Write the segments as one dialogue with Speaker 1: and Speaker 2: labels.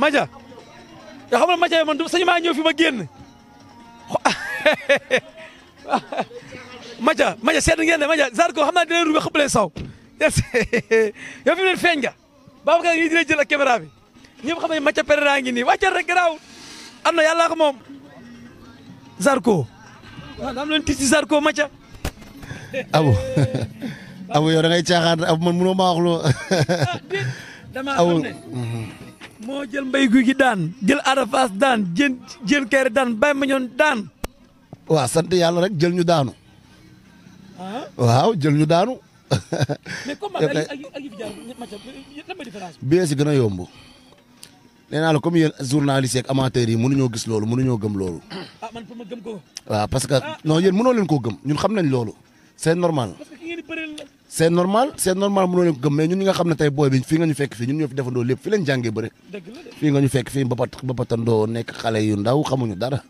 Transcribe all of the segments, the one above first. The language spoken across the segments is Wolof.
Speaker 1: Maja yoo xam ne Maja man du sañu maa ma génn ngeen ne Maja Zarko xam naa dina leen ruubee xëppale saw yow fi mu leen feeñ nga Babacar ngi dina jël ak caméra bi ñëpp xam am na yàlla ko moom Zarko waaw daam leen caaxaan
Speaker 2: abu man mënoo loo.
Speaker 1: Ah, moo jël mbay guy gi daan jël arafas daan jën jën kayre daan bay ma ñoon daan
Speaker 2: waaw sant yàlla rek jël ñu daanu ah? waaw jël ñu daanu biyee si gën a yombu nee naa la comme yéen journaliste yeeg amateurs yi mënuñoo gis loolu mënuñoo gëm loolu
Speaker 1: ah ko
Speaker 2: waaw parce que ah. non yéen mënoo leen koo gëm ñun xam nañ loolu c'est normal c'est normal c'est normal mënoo leen ko ñun xam ne tey booy bi fii nga ñu fekk fii ñun ñoo fi defandoo lépp fi leen jàngee bëre fii nga ñu fekk fii ba pat ba nekk xale yu ndaw xamuñu dara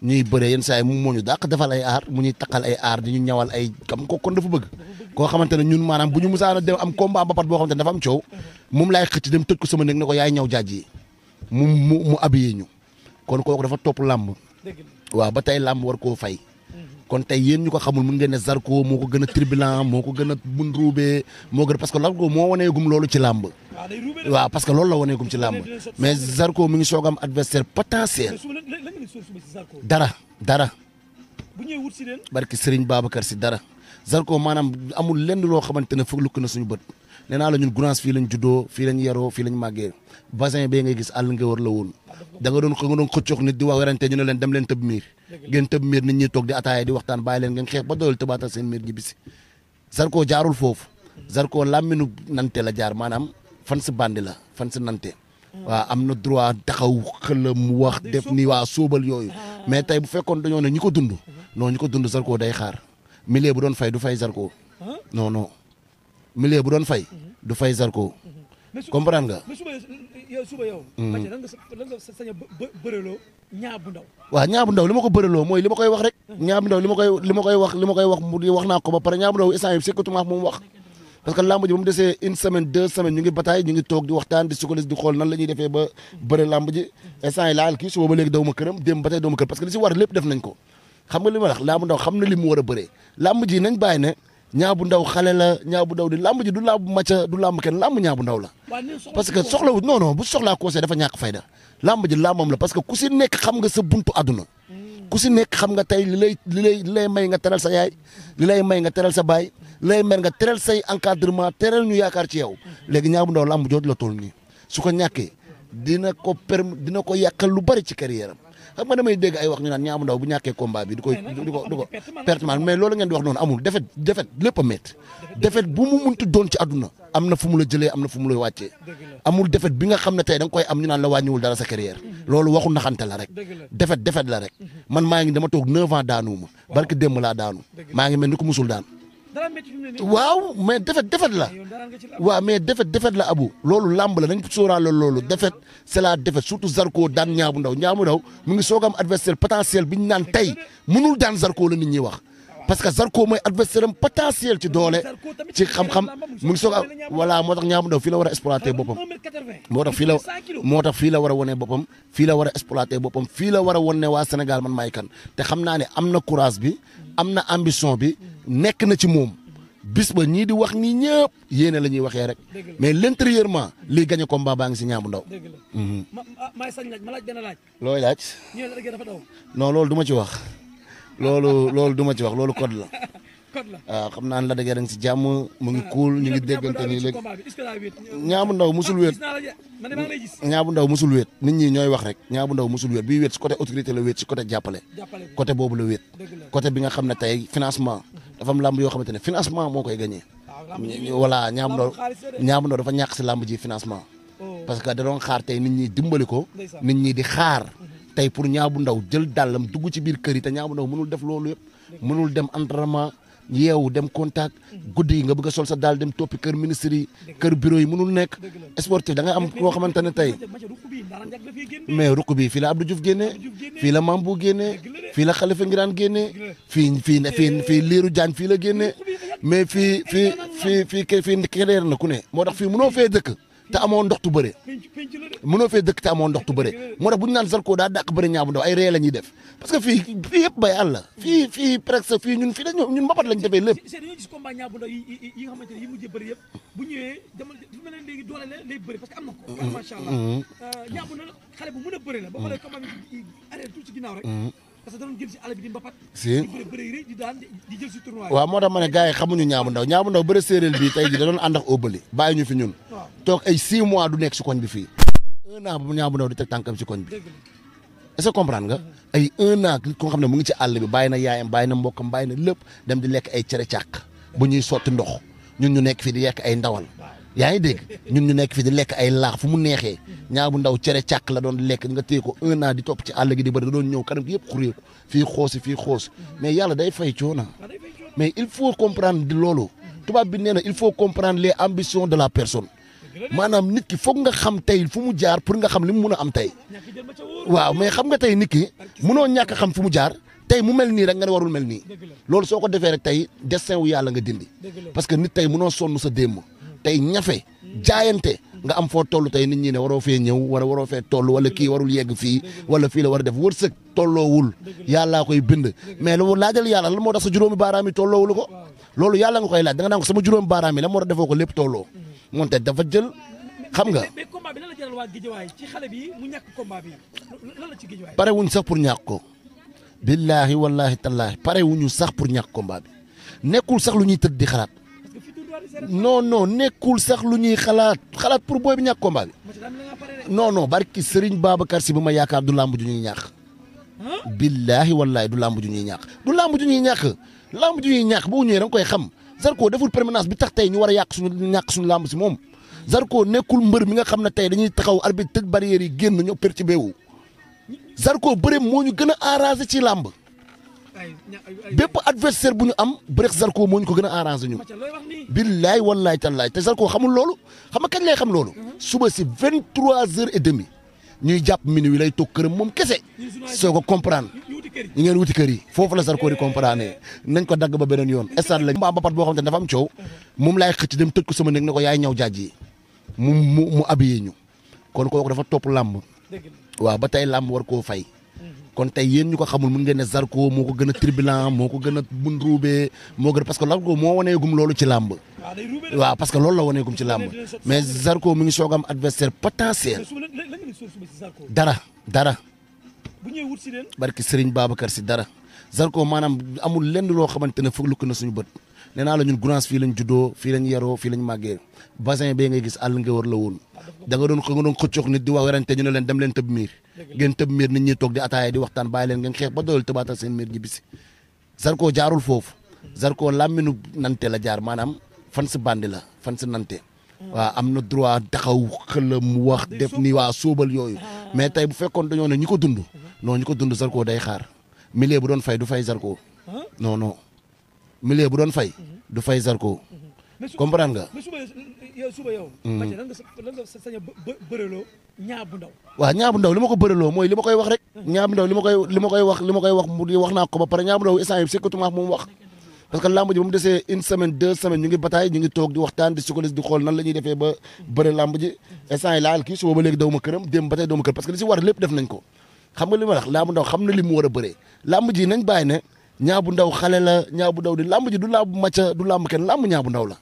Speaker 2: ñuy bëree yenn saa yi moo ñu dàq defal ay aar mu ñuy taqal ay aar di ñu ñawal ay kam ko kon dafa bëgg koo xamante ne ñun maanaam bu ñu musaana dem am combat ba pat boo xamante ne dafa am coow moom laay xëcc dem ko sama néeg ne ko yaay ñaw jaaj yi mu mu mu abiyee ñu kon kooku dafa topp làmb waaw ba tey làmb war koo fay kon tey yéen ñu ko xamul mun ngeen ne Zarko moo ko gën a tribilan moo ko gën a mun ruubee moo gën parce que Zarko moo waneegum loolu ci làmb
Speaker 1: ah, waaw parce que loolu la waneegum ci làmb mais Zarko
Speaker 2: mi ngi soog am adversaire potentiel dara dara barki Serigne Babacar si dara Zarko maanaam amul lenn loo xamante ne fëgg lukk na suñu bët nee naa la ñun Gounass fii lañ juddoo fii lañ yaroo fii lañ màggee bassin bee ngay gis àll nga war la woon da nga doon nga doon xëccoog nit di wax werante ñu ne leen dem leen tëb miir ñi toog di ataaya di waxtaan bàyyi leen ngeen xeex ba doyal tëbaata seen miir ji bisi Zarko jaarul foofu Zarko làmminu nante la jaar maanaam fan si bandi la fan si nante waaw am na droit taxaw la mu wax def ni waa sóobal yooyu ah. mais tey bu fekkoon dañoo ne ko dund uhuh. non ñi ko dund Zarko day xaar milieu bu doon du fay Zarko non milieu bu doon fay. du fay Zarko.
Speaker 1: comprendre nga. mais hmm. sa sañ a bëreloo ñaa bu ndaw.
Speaker 2: waaw ñaa bu ndaw li ko bëreloo mooy wax rek. Hmm. ñaa bu ndaw li ma koy li ma wax li ma koy wax mu wax naa pare ñaa bu ndaw instant semaine deux semaines ñu toog di waxtaan di sukkandiku di xool nan la ñuy ba bëre lamb ji laal kii suba daw ma këram démb ba tey daw ma kër parce que li si war lépp def nañ ko xam nga li ma na nañ bàyyi ne ñaa bu ndaw xale la ñaa bu ndaw di làmb ji du làmb maca du làmb kenn làmb ñaa bu ndaw la parce que soxlawu non non bu soxlaa conseil dafa ñàkk fayda làmb ji làmbam la parce que ku si nekk xam nga sa buntu a ku si nekk xam nga tey li lay li lay lay may nga teral sa yaay li lay may nga teral sa baay li lay mer nga teral say encadrement teral ñu yaakaar ci yow léegi ñaa bu ndaw làmb jooju la tool ni su ko ñàkkee dina ko perm dina ko yàqal lu bari ci carrière am xam nga damay dégg ay wax ñu naan ñaamu ndaw bu ñàkkee combat bi du koy du ko du ko ngeen di wax noonu amul defet defet lépp a métti defet bu mu munti doon ci àdduna am na fu mu la jëlee am na fu mu lay amul defet bi nga xam ne tey da nga koy am ñu naan la wàññiwul dara sa carrière mhm. loolu waxu naxante la rek mhm. maa ngi dama toog neuf ans daanuwuma barki démb laa daanu maa ngi mel ni ko musul daan waaw mais defet defet la waa mais defet defet la abu loolu làmb la nañ sóoraale loolu defet c'est defet surtout Zarko daan ñaabu ndaw ñaabu ndaw mu ngi soog am adversaire potentiel bi ñu naan tey mënul daan Zarko la nit ñi wax parce que Zarko mooy adversaire am potentiel ci doole ci xam-xam mu ngi soog a voilà moo tax ñaamu daw fii la war a exploiter boppam moo tax fii la moo tax fii la war a wane boppam fii la war a exploiter boppam fii la war a wane waa Sénégal man maay kan te xam naa ne am na courage bi am na ambition bi nekk na ci moom bis ba ñii di wax nii ñëpp yéene la ñuy waxee rek mais l' intérieurement liy gagné combat baa ngi si ñaamu mhm.
Speaker 1: ma ma maay sañ laaj laaj benn laaj.
Speaker 2: looy laaj. non loolu du ci wax. loolu loolu du ci wax loolu code la. code ah, xam naa ne la dëgg da si jàmm mu ngi kuul ñu ngi déggante nii léegi.
Speaker 1: ñaabu ndaw musul wéet ah, ñaabu
Speaker 2: ndaw musul wéet nit ñi ñooy wax rek ñaabu ndaw musul wéet bii wéet si côté autorité la wéet si côté jàppale. côté boobu la wéet. côté bi nga xam ne tey financement dafa am làmb yoo xamante ne financement moo koy gagné.
Speaker 1: Ah, voilà ñaabu ndaw ñaabu ndaw dafa
Speaker 2: ñàkk si làmb ji financement. Oh. parce que da doon xaar tey nit ñi dimbali ko. nit ñi di xaar tey pour ñaa bu ndaw jël dàllam dugg ci biir kër yi te ñaa bu ndaw mënul def loolu yëpp mënul dem entraînement yeewu dem contact guddi yi nga bëgg a sol sa daal dem toppi kër ministre yi kër bureau yi mënul nekk sportif da ngay am koo xamante ne tey mais rukk bi fii la Abdou Diouf génnee fii la Mambou génnee fii la Khalifa Ngiraan génnee fii fii fii fii Lirou Diagne fii la génnee mais fii fii fii fii fii kedeer na ku ne moo tax fii mënoo fee dëkk te amoo ndoxtu bëre mënoo fee dëkk te amoo ndoxtu bëre moo tax bu naan Zarko daa dàq bëre ñaabu ay ree la ñuy def parce que fii fii yëpp bay àll fii fii presque fii ñun fii dañoo ñun mbapat lañ defee lépp. c'est dañoo gis
Speaker 1: combat ñaabu ndaw yi yi nga xamante ne yi mujjee bëri yëpp bu ñëwee jamono doole la lay bëri parce que am ko. macha allah a bëri la. parce que da doon jël si moo tax ma ne gars
Speaker 2: yi xamuñu ñaabu ndaw ñaabu ndaw bëre séeréer bi tey ji da doon ànd ak ñu fi ñun toog ay 6 mois du nekk si koñ bi fii ay 1 an bu ñaabu ndaw di teg tànkam si koñ bi est-ce que ay 1 an ko xam ne mu ngi ci àll bi bàyyi na yaayam bàyyi na mbokkam bàyyi na lépp dem di lekk ay cere càq bu ñuy sotti ndox ñun ñu nekk fii di yekk ay ndawal yaa ngi dégg ñun nekk fi di lekk ay laax fu mu neexee ñaa bu ndaw cere càkk la doon lekk nga téye ko un an di topp ci àll gi di bëri da doon ñëw kanam gi yëpp xuréeku fii xoosi fii xoos mais yàlla day fay coono mais il faut comprendre di loolu tubaab bi nee na il faut comprendre les ambitions de la personne maanaam nit ki foog nga xam tey fu mu jaar pour nga xam li mu mun a am tey waaw mais xam nga tey nit ki munoo ñàkk xam fu mu jaar tey mu mel nii rek nga ne warul mel soo ko defee rek tey destin wu yàlla nga dindi parce que nit tey sa démb tey ñafe jaayante nga am foo toll tey nit ñi ne waroo fee ñëw wala waroo fee toll wala kii warul yegg fii wala fii la war a def wërsëg tolloowul yàllaa koy bind mais lu laajal yàlla la moo tax sa juróomi baaraam yi tolloowul ko loolu yàlla nga koy laaj da nga ko sama juróomi baaraam yi lan moo tax defoo ko lépp tolloo moonte dafa jël xam nga mais combat bi lan la
Speaker 1: jëlal bi mu ñàkk combat bi lan la pare
Speaker 2: wuñ sax pour ñàkk ko billaahi wallaahi tallaahi pare wuñu sax pour ñàkk combat nekkul sax lu ñuy tëdd di xalaat non non nekkul sax lu ñuy xalaat xalaat pour booy bi ñàkk combat bi non non barki Serigne si bu ma yaakaar du làmb ju ñuy ñàkk. billaahi wallaahi du làmb ju ñuy ñàkk du làmb ju ñuy ñàkk làmb ju ñuy ñàkk boo ñëwee da nga koy xam Zarko deful permanence bi tax tey ñu war a yàq suñu ñàkk suñu làmb si moom. Zarko nekkul mbër mi nga xam ne tey dañuy taxaw arbitre tëj barrière yi génn ñëw perturbé wu Zarko bëreem moo ñu gën a arrangé ci làmb. bépp adversaire bu ñu am Brex Zarko moo ñu ko gën a arrangé ñun. billaay wallaay tallaay te Zarko xamul loolu xam nga kañ lay xam loolu. Mhm. suba si vingt trois heures et demie ñuy jàpp minuit lay toog këram moom kese soo ko comprendre. ñu ngeen wuti kër yi foofu la Zarko di comprendre nañ ko dagg ba beneen yoon stade la mbaa mbapat boo xam te dafa am coow uh-huh. moom laay xëcc dem tëj ko sama néeg ne ko yaay ñaw jaaj yi mu mu mu habillé ñu kon kooku dafa topp làmb waaw ba tey làmb war koo fay kon tey yéen ñu ko xamul mun ngeen ne Zarko moo ko gën a turbulent moo ko gën a moo gën parce que Zarko moo waneegum loolu ci làmb ah, waaw parce que loolu la waneegum ci làmb mais Zarko mi ngi soog am adversaire potentiel dara dara barki Serigne Babacar si dara Zarko maanaam amul lenn loo xamante ne fukk lukk na suñu bët nee naa la ñun Gounass fii lañ juddoo fii lañ yaroo fii lañ màggee bassin bee ngay gis àll nga war la woon da nga doon nga doon xëccoog nit di wax werante ñu ne leen tëb miir ngeen tëb miir nit ñi toog di ataaya di waxtaan bàyyi leen ngeen xeex ba doyul tëbaatal seen miir ji bisi Zarko jaarul foofu Zarko làmminu nante la jaar maanaam fan si bandi la fan si nante waaw am na droit taxaw xëlam wax def ni waa sóobal yooyu mais tey bu fekkoon dañoo ne ñi ko dund non ñi ko dund Zarko day xaar milieu bu doon fay du fay Zarko non non milieu bu doon fay. Mhm. du fay Zarko. Mhm. comprendre nga.
Speaker 1: mais suba yow suba yow. Mhm. Mathieu a bëreloo
Speaker 2: ñaa bu ndaw. li ma ko bëreloo mooy li ma koy wax rek. ñaa bu ndaw li ma koy li ma koy wax naa ko ba pare ñaa bu ndaw instant yii surtout maa moom wax. parce que lamb ba mu desee une semaine deux semaines ñu ngi bataay toog di waxtaan di sukkandiku di xool nan la ñuy ba bëri lamb ji laal kii suba ba léegi daw ma këram démb ba tey daw ma kër parce que li si war lépp def nañ ko xam nga li ma wax lamb na li mu war a bëree lamb ji nañ bàyyi ne ñaa bu ndaw xale la ñaa bu ndaw di làmb ji du làmb macca du làmb kenn làmb ñaa bu ndaw la.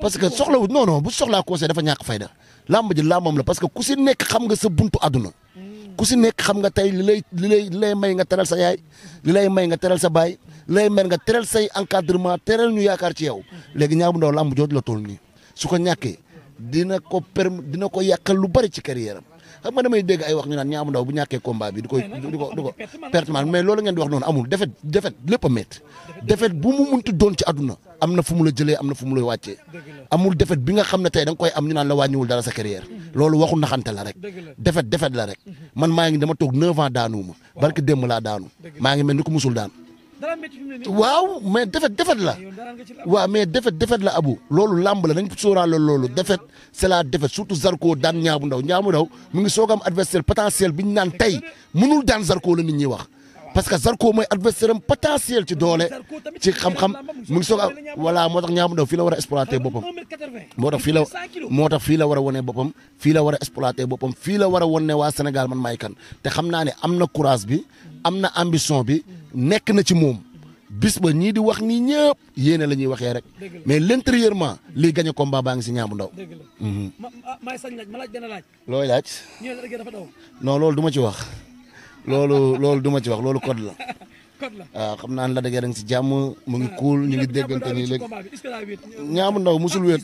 Speaker 2: parce que soxlawu non non bu soxlaa conseil dafa ñàkk fayda làmb ji làmbam la parce que ku si nekk xam nga sa buntu àdduna. Hmm. ku si nekk xam nga tey li lay li lay li may nga teral sa yaay li lay may nga teral sa baay li lay nga teral say encadrement teral ñu yaakaar ci yow hmm. léegi ñaa bu ndaw làmb jooju la tool nii su ko ñàkkee dina ko perm dina ko yàqal lu bari ci carrière am xam nga damay dégg ay wax ñu naan ñaamu ndaw bu ñàkkee combat bi di koy di ko di ko perte mais loolu ngeen di wax noonu amul defet defet lépp a defet bu mu munti doon ci àdduna am na fu mu la jëlee am na fu mu la wàccee amul defet bi nga xam ne tey da nga koy am ñu naan la wàññiwul dara sa carrière mhm. loolu waxu naxante la rek defet defet la rek mhm. man maa ngi dama toog neuf ans daanuuma barke démb laa daanu maa ngi mel ni ko musul daan waaw mais defet defet la waaw mais defet défaite la abu loolu làmb la nañ sóoraale loolu défaite c'est la défaite surtout Zarko daan ñaabu ndaw ñaabu daw mu ngi soog am adversaire potentiel bi ñu naan tey munu daan Zarko la nit ñi wax ah, parce que Zarko mooy adversaire am potentiel ci doole ci xam-xam mu ngi soog moo tax ñaabu ndaw fii la war a exploiter boppam moo tax fii la moo tax fii la war a wane boppam fii la war a exploiter boppam fii la war a wane waa Sénégal man may kan te xam naa ne am na courage bi am na ambition bi nekk na ci moom bis ba ñii di wax nii ñëpp yéene la ñuy waxee rek mais l' intérieurement lii gañ a combat baa ngi si ñaamu ndaw. dëgg la mhm.
Speaker 1: ma sañ laaj ma laaj benn laaj. looy laaj. dafa daw.
Speaker 2: loolu duma ci wax. loolu loolu du ci wax loolu code la. a ah, xam naa la dëgg da nga si jàmm mu ngi kuul ñu ngi déggante nii léegi
Speaker 1: ñaabu ndaw musul wéet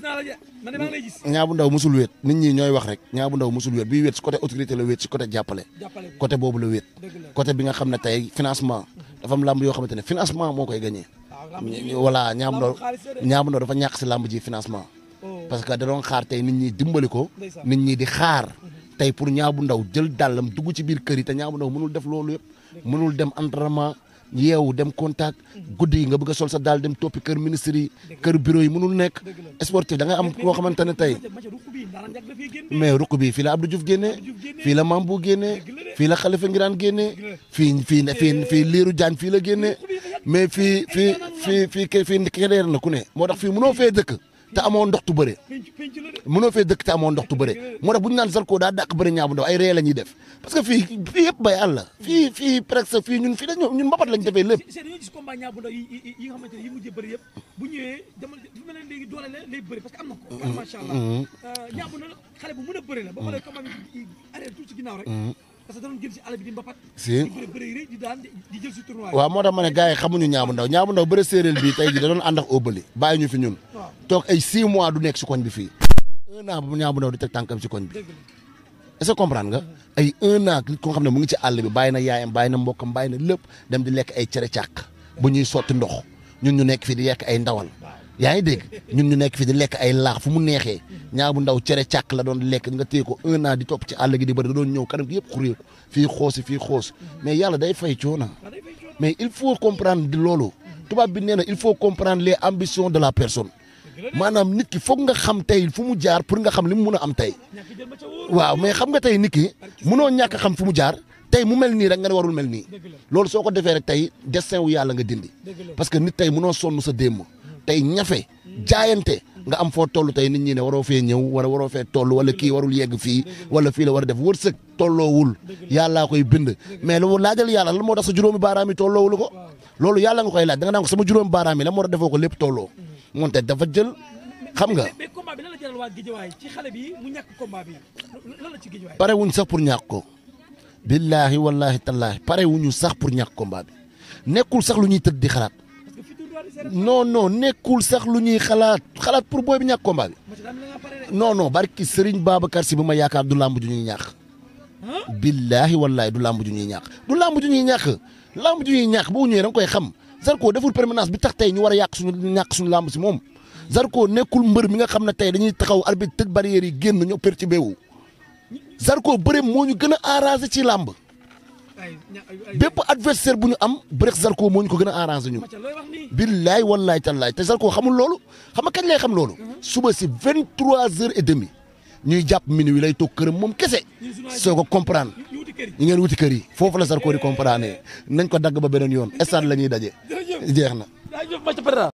Speaker 2: ñaabu ndaw musul weet nit ñi ñooy wax rek ñaabu ndaw musul weet bii wéet si côté autorité la wéet si côté jàppale côté boobu la wéet côté bi nga xam ne tey financement dafa am làmb yoo xamante ne financement moo koy gagné
Speaker 1: ah, voilà ñaabu ndaw ñaabu ndaw
Speaker 2: dafa ñàkk si làmb ji financement oh. parce que da doon xaar tey nit ñi dimbali ko nit ñii di xaar mm-hmm. tey pour ñaabu ndaw jël dàllam dugg ci biir kër yi te ñaabu ndaw mënul def loolu yëpp yeewu dem contact mm-hmm. guddi yi nga bëgg a sol sa daal dem toppi kër ministre yi kër bureau yi mënul nekk sportif da ngay am koo xamante ne tey mais ruq bi fii la Abdou Diouf génnee fii la Mambou génnee fii la Khalifa Ngiraan génnee fii fii fii fii Lirou Diagne fii la génnee mais fii fii fii fii fii keneen na ku ne moo tax fii mënoo fee dëkk te amoo ndox tu bëre mënoo fee dëkk te amoo ndox tu bëre moo tax bu ñu naan Zarko daa dàq bëre ñaa bu ndaw ay ree la ñuy def parce que fii yëpp bay àll fii fii presque fii ñun fii dañoo ñun mbapat lañ defee lépp. c'est
Speaker 1: dañoo gis combat ñaa bu ndaw yi yi yi nga xamante ne yi mujjee bëri na ko. Mm-hmm. macha mm-hmm. euh, a bëri la. boo xoolee combat bi arrêté daan di moo tax ma ne
Speaker 2: gars yi xamuñu ñaabu ndaw ñaabu ndaw bëre séeréer bi tey ji da doon ànd ak óobali bàyyi ñu fi ñun. to ay 6 mois du nekk si koñ bi fii. un an bu ñaaw bu ndaw di teg tànkam si koñ bi est-ce que comprendre nga ay un an nit ko xam ne mu ngi ci àll bi bàyyi na yaayam bàyyi na mbokkam bàyyi na lépp dem lekk ay cere càq bu ñuy sotti ndox ñun ñu nekk fii di lekk ñun nekk fii di lekk ay laax fu mu neexee ñaaw bu cere càq la doon lekk nga téye ko di topp ci àll gi di bëri da doon ñëw kanam gi yëpp xuréeku fii xoosi fii xoos mais yàlla day fay coona mais il faut comprendre di loolu tubaab bi nee il faut comprendre les ambitions maanaam nit ki foog nga xam tey fu mu jaar pour nga xam li mu mun a am tey waaw mais xam nga tey nit ki munoo ñàkk xam fu mu jaar tey mu mel nii rek nga ne warul mel nii loolu soo ko defee rek tey destin wu yàlla nga dindi parce que nit tey munoo sonn sa démb tey ñafe jaayante nga am foo tollu tey nit ñi ne waroo fee ñëw wala waroo fee toll wala kii warul yegg fii wala fii la war a def wërsëg tolloowul yàllaa wul bind mais lu laajal yàlla lan moo tax sa juróomi baaraam yi tolloowul ko loolu yàlla nga koy laaj da nga naan ko sama juróomi baaraam moo ko lépp tolloo moonte dafa jël xam nga. mais
Speaker 1: combat bi ci xale bi mu ñàkk sax
Speaker 2: pour ñàkk ko. billaahi wallaahi tallaahi pare wuñu sax pour ñax combat bi nekkul sax lu ñuy tëdd di xalaat. noo non nekkul sax lu ñuy xalaat xalaat pour booy bi ñàkk combat bi. non non barki Serigne Babacar si bu ma yaakaar du làmb ju ñuy ñàkk. billaahi wallaahi du làmb ju ñuy ñàkk du làmb ju ñuy ñàkk làmb ju ñuy ñàkk boo ñëwee da nga koy xam. Zarko deful permanence bi tax tey ñu war a yàq suñu ñàkk suñu làmb si moom Zarko nekkul mbër mi nga xam ne tey dañuy taxaw arbitre tëj barrière yi génn ñu per ci béewu Zarko bëre moo ñu gën a arrangé ci làmb bépp adversaire bu ñu am bëreex Zarko moo ko gën a arrangé ñun. billaay wallaay tallaay te Zarko xamul loolu xam nga kañ lay xam loolu. Mhm. suba si vingt trois heures et demi ñuy jàpp minuit lay toog këram moom kese soo ko comprendre. ñi ngeen wuti kër yi foofu la Zarko di comprendre nañ ko dagg ba beneen yoon stade la ñuy daje
Speaker 1: jeex